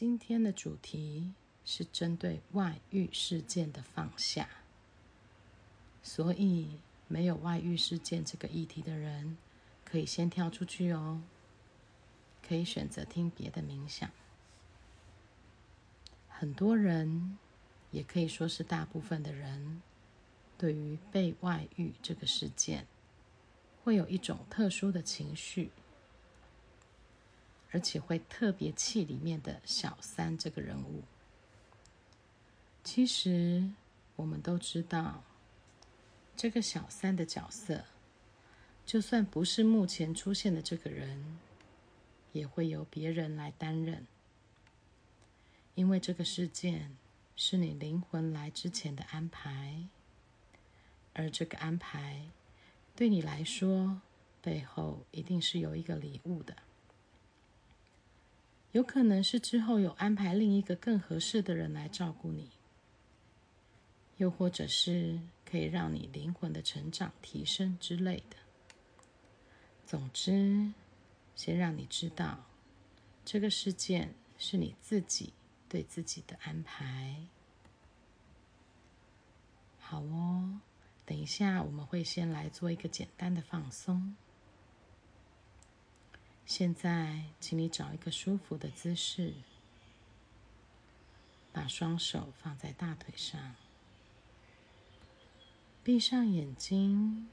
今天的主題是針對外遇事件的放下，所以沒有外遇事件這個議題的人，可以先跳出去哦。可以選擇聽別的冥想。很多人，也可以說是大部分的人，對於被外遇這個事件，會有一種特殊的情緒。而且會特別氣裡面的小三這個人物。其實我們都知道，這個小三的角色，就算不是目前出現的這個人，也會由別人來擔任。因為這個事件是你靈魂來之前的安排，而這個安排對你來說，背後一定是有一個禮物的。有可能是之後有安排另一個更合適的人來照顧你，又或者是可以讓你靈魂的成長提升之類的。總之，先讓你知道這個事件是你自己對自己的安排。好哦，等一下我們會先來做一個簡單的放鬆。現在，請你找一個舒服的姿勢，把雙手放在大腿上，閉上眼睛，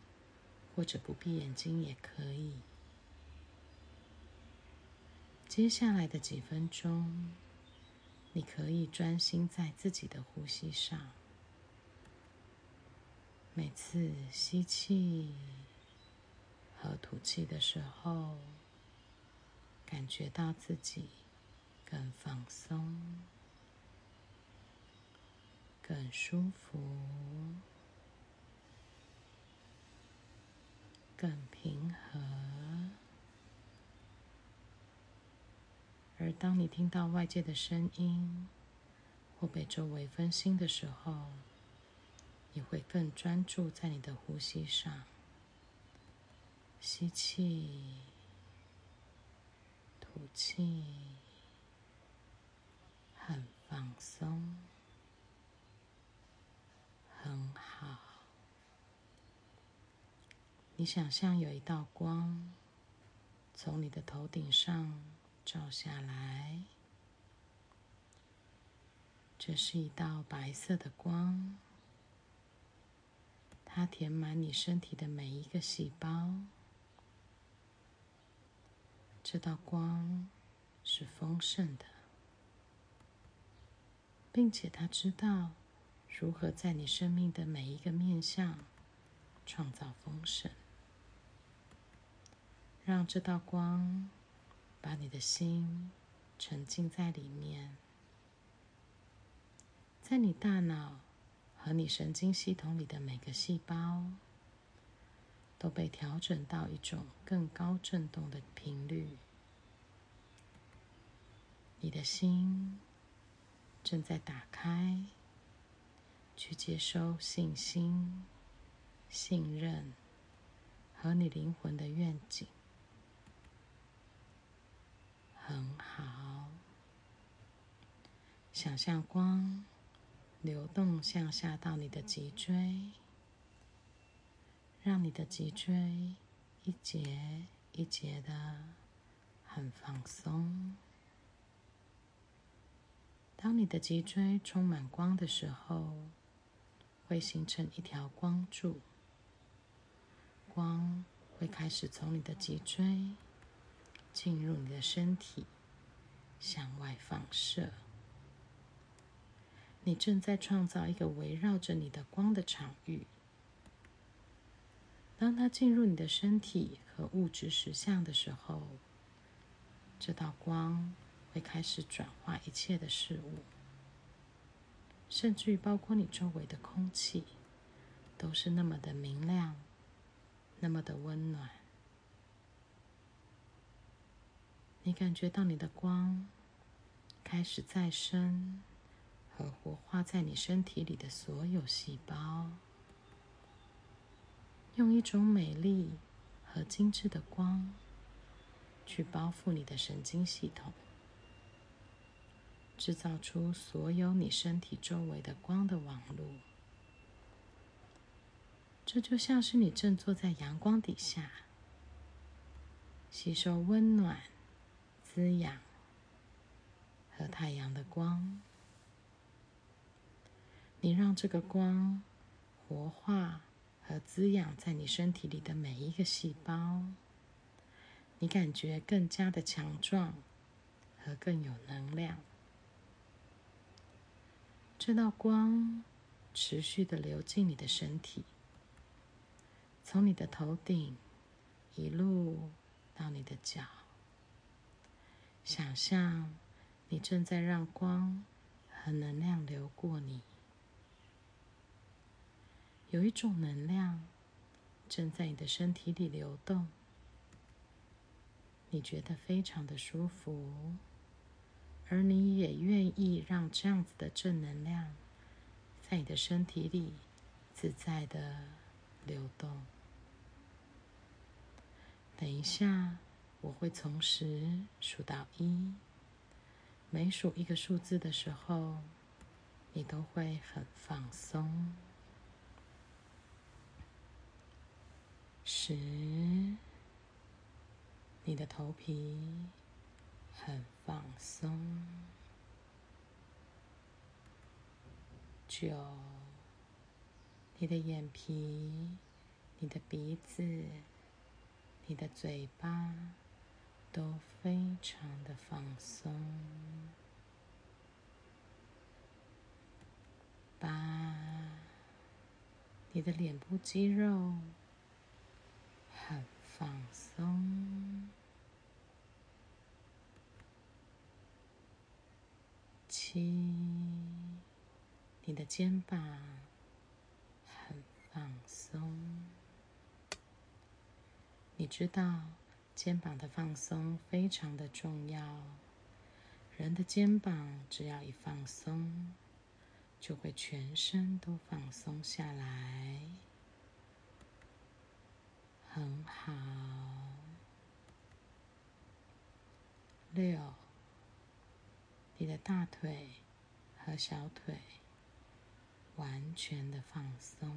或者不閉眼睛也可以。接下來的幾分鐘，你可以專心在自己的呼吸上，每次吸氣和吐氣的時候。感覺到自己更放鬆、更舒服、更平和。而當你聽到外界的聲音或被周圍分心的時候，你會更專注在你的呼吸上，吸氣。呼氣，很放鬆，很好。你想象有一道光從你的頭頂上照下來，這是一道白色的光，它填滿你身體的每一個細胞。這道光是豐盛的，並且他知道如何在你生命的每一個面向創造豐盛。讓這道光把你的心沉浸在裡面，在你大腦和你神經系統裡的每個細胞都被調整到一種更高震動的頻率。你的心正在打開，去接收信心、信任和你靈魂的願景。很好，想象光流動向下到你的脊椎，讓你的脊椎一節一節的很放鬆。當你的脊椎充滿光的時候，會形成一條光柱。光會開始從你的脊椎進入你的身體，向外放射。你正在創造一個圍繞着你的光的場域。當它進入你的身體和物質實相的時候，這道光。會開始轉化一切的事物，甚至於包括你周圍的空氣，都是那麼的明亮，那麼的溫暖。你感覺到你的光開始再生和活化，在你身體裡的所有細胞，用一種美麗和精緻的光去包覆你的神經系統。製造出所有你身體周圍的光的網絡。這就像是你正坐在陽光底下，吸收溫暖、滋養和太陽的光。你讓這個光活化和滋養在你身體裡的每一個細胞，你感覺更加的強壯和更有能量。這道光持續的流進你的身體，從你的頭頂一路到你的腳。想象你正在讓光和能量流過你，有一種能量正在你的身體裡流動，你覺得非常的舒服。而你也願意讓這樣子的正能量在你的身體裡自在的流動。等一下，我會從十數到一，每數一個數字的時候，你都會很放鬆。十，你的頭皮很。放鬆。九，你的眼皮、你的鼻子、你的嘴巴都非常的放鬆。八，你的臉部肌肉很放鬆。七，你的肩膀很放鬆。你知道，肩膀的放鬆非常的重要。人的肩膀只要一放鬆，就會全身都放鬆下來。很好。六。你的大腿和小腿完全的放鬆。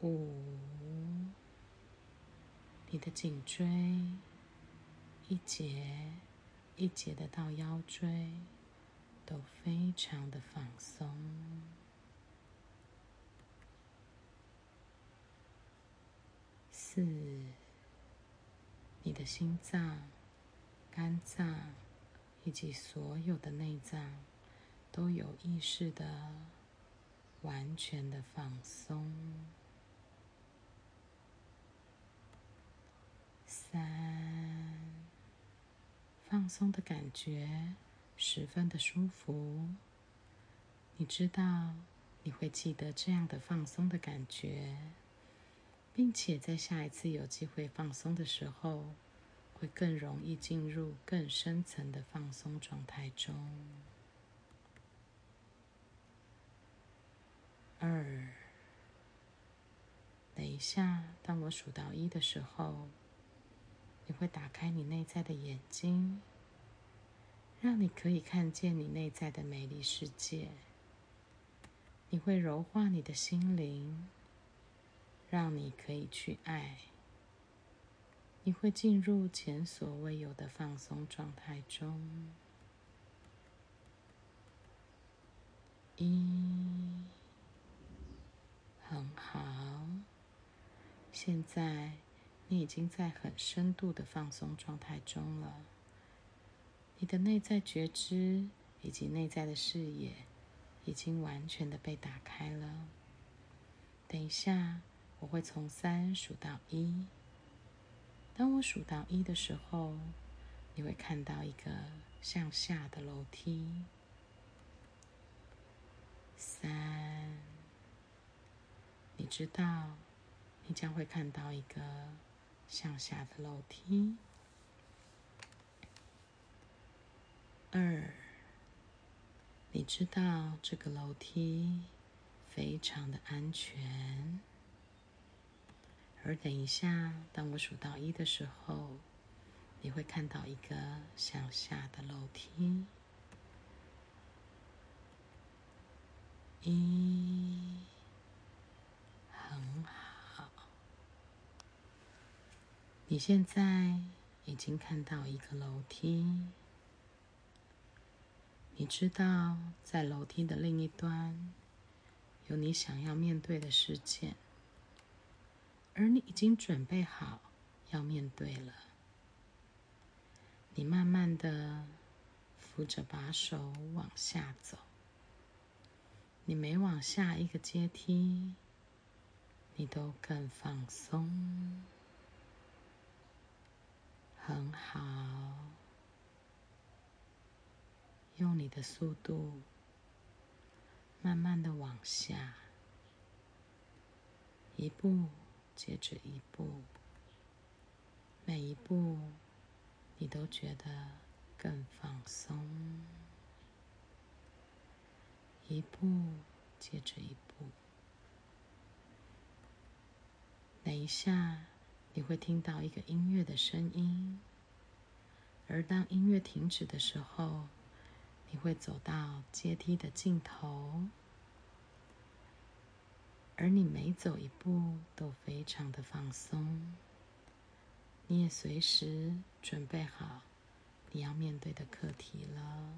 五，你的頸椎一節一節的到腰椎都非常的放鬆。四。你的心臟、肝臟以及所有的內臟都有意識的、完全的放鬆。三，放鬆的感覺十分的舒服。你知道，你會記得這樣的放鬆的感覺。並且在下一次有機會放鬆的時候，會更容易進入更深層的放鬆狀態中。二，等一下，當我數到一的時候，你會打開你內在的眼睛，讓你可以看見你內在的美麗世界。你會柔化你的心靈。讓你可以去愛，你會進入前所未有的放鬆狀態中。一，很好。現在你已經在很深度的放鬆狀態中了，你的內在覺知以及內在的視野已經完全的被打開了。等一下。我會從三數到一。當我數到一的時候，你會看到一個向下的樓梯。三，你知道你將會看到一個向下的樓梯。二，你知道這個樓梯非常的安全。而等一下，當我數到一的時候，你會看到一個向下的樓梯。一，很好。你現在已經看到一個樓梯，你知道在樓梯的另一端有你想要面對的事件。而你已經準備好要面對了。你慢慢的扶着把手往下走，你每往下一個階梯，你都更放鬆，很好。用你的速度，慢慢的往下一步。接着一步，每一步你都覺得更放鬆。一步接着一步，等一下你會聽到一個音樂的聲音，而當音樂停止的時候，你會走到階梯的盡頭。而你每走一步都非常的放鬆，你也隨時準備好你要面對的課題了。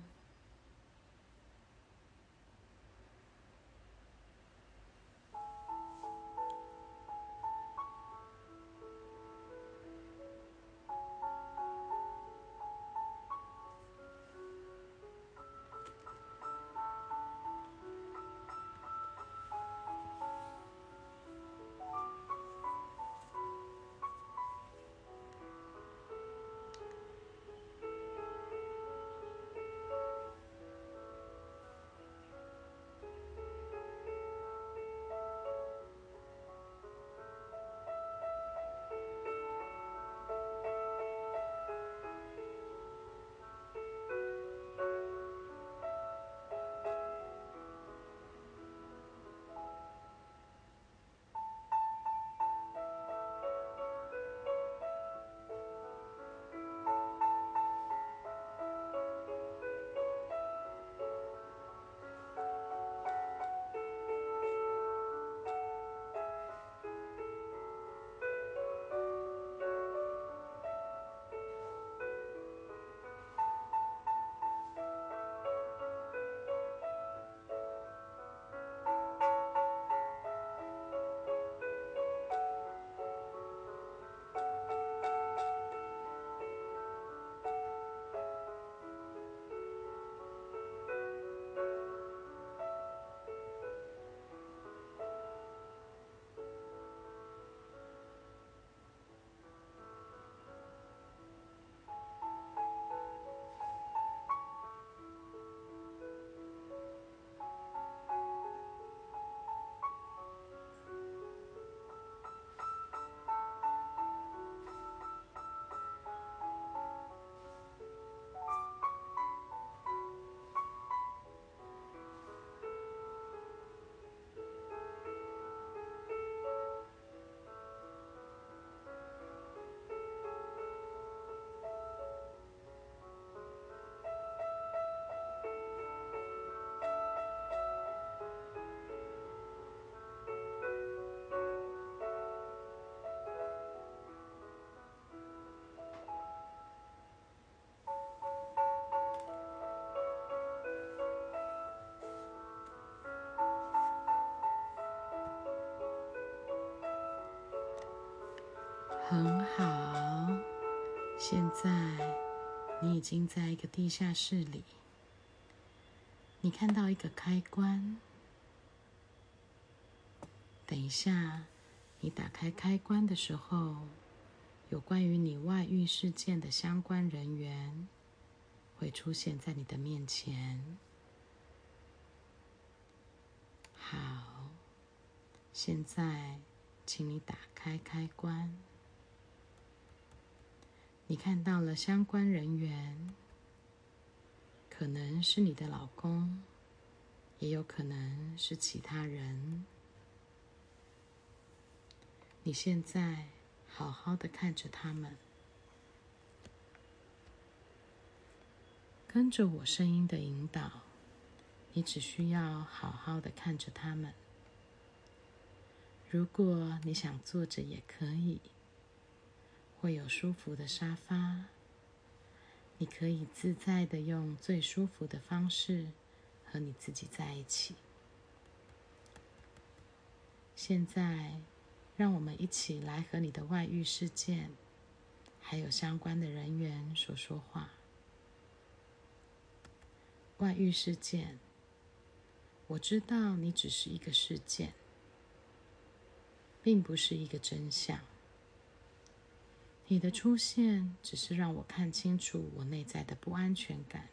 很好，現在你已經在一個地下室裡。你看到一個開關。等一下，你打開開關的時候，有關於你外遇事件的相關人員會出現在你的面前。好，現在請你打開開關。你看到了相關人員，可能是你的老公，也有可能是其他人。你現在好好的看着他們。跟着我聲音的引導，你只需要好好的看着他們。如果你想坐着也可以。會有舒服的沙發，你可以自在地用最舒服的方式和你自己在一起。現在，讓我們一起來和你的外遇事件還有相關的人員說說話。外遇事件，我知道你只是一個事件，並不是一個真相。你的出現只是讓我看清楚我內在的不安全感，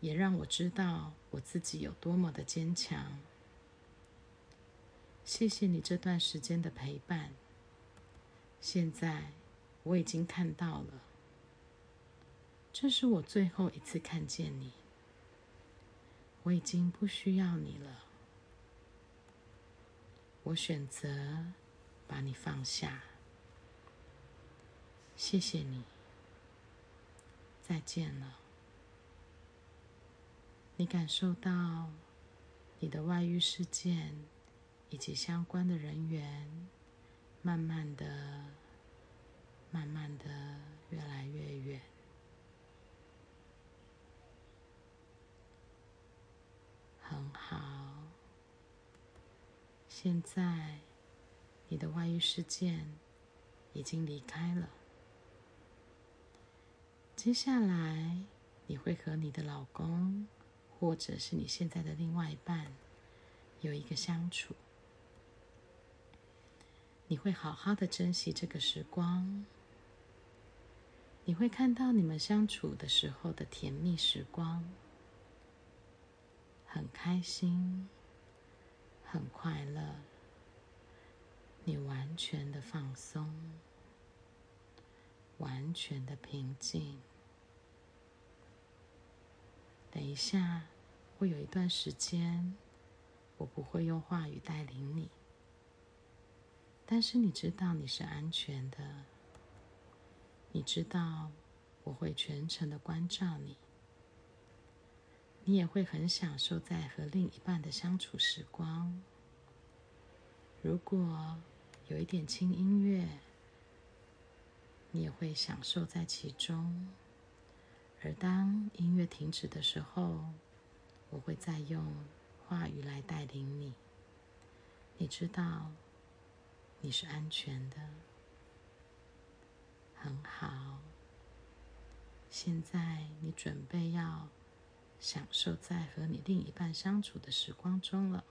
也讓我知道我自己有多麼的堅強。謝謝你這段時間的陪伴。現在我已經看到了，這是我最後一次看見你。我已經不需要你了。我選擇把你放下。謝謝你。再見了。你感受到你的外遇事件以及相關的人員，慢慢的、慢慢的越來越遠，很好。現在你的外遇事件已經離開了。接下來，你會和你的老公，或者是你現在的另外一半，有一個相處。你會好好的珍惜這個時光。你會看到你們相處的時候的甜蜜時光，很開心，很快樂。你完全的放鬆。完全的平靜。等一下，會有一段時間，我不會用話語帶領你，但是你知道你是安全的，你知道我會全程的關照你，你也會很享受在和另一半的相處時光。如果有一點輕音樂。你也會享受在其中，而當音樂停止的時候，我會再用話語來帶領你。你知道，你是安全的。很好。現在你準備要享受在和你另一半相處的時光中了。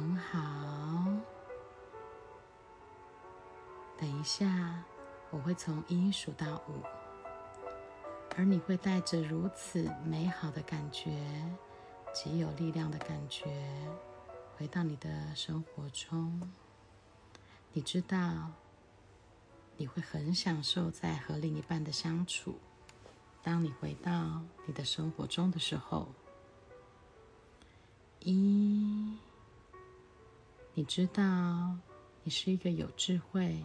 很好，等一下，我會從一數到五，而你會帶着如此美好的感覺，極有力量的感覺，回到你的生活中。你知道，你會很享受在和另一半的相處。當你回到你的生活中的時候，一。你知道，你是一個有智慧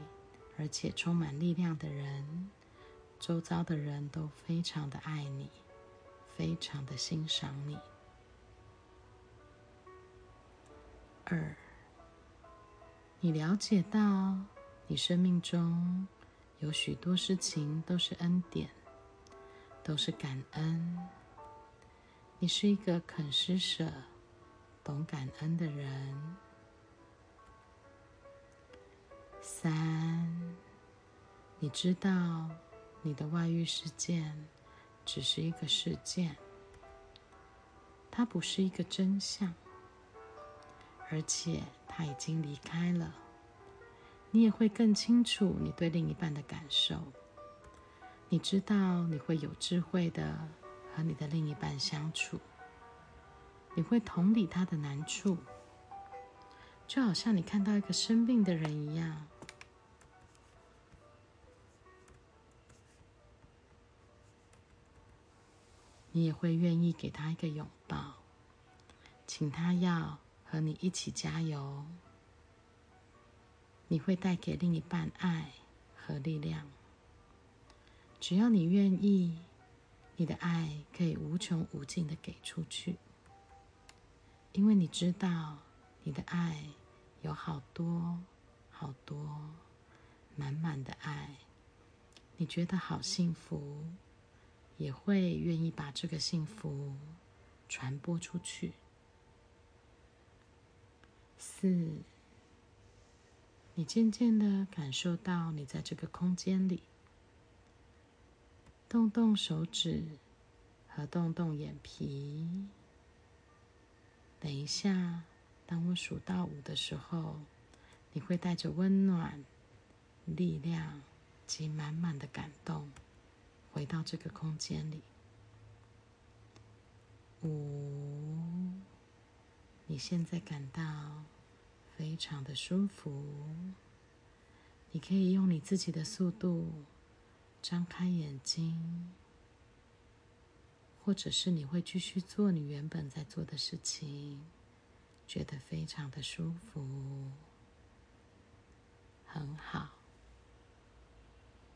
而且充滿力量的人，周遭的人都非常的愛你，非常的欣賞你。二，你了解到，你生命中有許多事情都是恩典，都是感恩。你是一個肯施捨、懂感恩的人。三，你知道你的外遇事件只是一個事件，它不是一個真相，而且他已經離開了。你也會更清楚你對另一半的感受。你知道你會有智慧的和你的另一半相處，你會同理他的難處，就好像你看到一個生病的人一樣。你也會願意給他一個擁抱，請他要和你一起加油。你會帶給另一半愛和力量，只要你願意，你的愛可以無窮無盡的給出去，因為你知道你的愛有好多好多滿滿的愛，你覺得好幸福。也會願意把這個幸福傳播出去。四，你漸漸地感受到你在這個空間裡，動動手指和動動眼皮。等一下，當我數到五的時候，你會帶着溫暖、力量及滿滿的感動。回到這個空間裡，五，你現在感到非常的舒服。你可以用你自己的速度張開眼睛，或者是你會繼續做你原本在做的事情，覺得非常的舒服，很好。